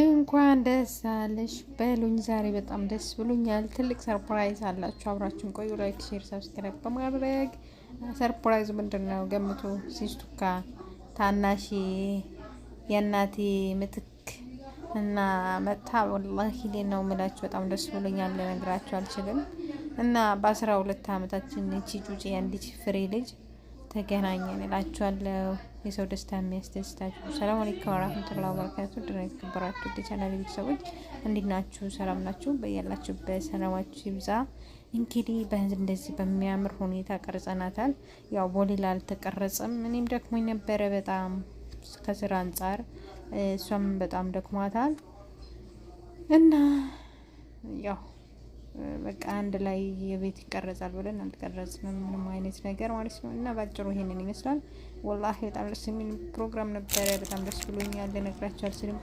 እንኳን ደስ አለሽ በሉኝ። ዛሬ በጣም ደስ ብሎኛል። ትልቅ ሰርፕራይዝ አላችሁ። አብራችሁን ቆዩ። ላይክ፣ ሼር፣ ሰብስክራይብ በማድረግ ሰርፕራይዙ ምንድን ነው ገምቱ። ሲስቱካ ታናሽ የእናቴ ምትክ እና መታ ወላሂ ነው ምላችሁ። በጣም ደስ ብሎኛል። ልነግራችሁ አልችልም። እና በአስራ ሁለት አመታችን ቺ ጩጭ ፍሬ ልጅ ተገናኘን እላችኋለሁ። የሰው ደስታ የሚያስደስታችሁ። ሰላም አለይኩም ወራህመቱላሂ ወበረካቱ። ድና የተከበራችሁ የቻናል ቤተሰቦች እንዴት ናችሁ? ሰላም ናችሁ? በያላችሁበት ሰላማችሁ ይብዛ። እንግዲህ እንደዚህ በሚያምር ሁኔታ ቀርጸናታል። ያው ቦሌላ አልተቀረጸም። እኔም ደክሞኝ ነበረ በጣም ከስራ አንጻር፣ እሷም በጣም ደክሟታል እና ያው በቃ አንድ ላይ የቤት ይቀረጻል ብለን አልቀረጽንም፣ ምንም አይነት ነገር ማለት ነው። እና ባጭሩ ይሄንን ይመስላል። ወላሂ በጣም ደስ የሚል ፕሮግራም ነበረ። በጣም ደስ ብሎኛል። ልነግራችሁ አልችልም።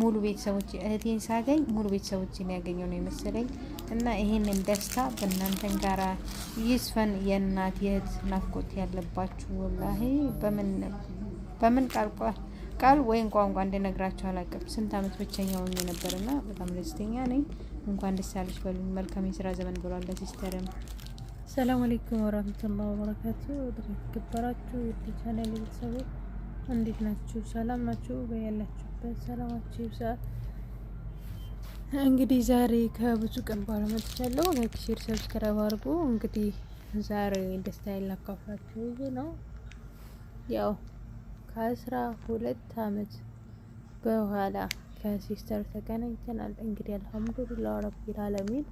ሙሉ ቤተሰቦች እህቴን ሳገኝ ሙሉ ቤተሰቦችን ያገኘው ነው የመሰለኝ። እና ይሄንን ደስታ በእናንተን ጋራ ይስፈን። የእናት የእህት ናፍቆት ያለባችሁ ወላሂ በምን በምን ቃልቋል ቃል ወይም ቋንቋ እንደነግራቸው አላውቅም። ስንት ዓመት ብቸኛ ሆኜ እና በጣም ደስተኛ ነኝ። እንኳን ደስ ያለሽ በሉኝ። መልካም የስራ ዘመን ብሏል ለሲስተርም። ሰላም አለይኩም ወራህመቱላሂ ወበረካቱ። ተከበራችሁ የቻናል ቤተሰቦች እንዴት ናችሁ? ሰላም ናችሁ? በያላችሁበት ሰላማችሁ ይብዛ። እንግዲህ ዛሬ ከብዙ ቀን በኋላ መጥቻለሁ። ላይክ፣ ሼር፣ ሰብስክራይብ አድርጉ። እንግዲህ ዛሬ ደስታዬን ላካፍላችሁ ነው ያው ከአስራ ሁለት አመት በኋላ ከሲስተር ተገናኝተናል። እንግዲህ አልሐምዱሊላህ ረቢል አለሚን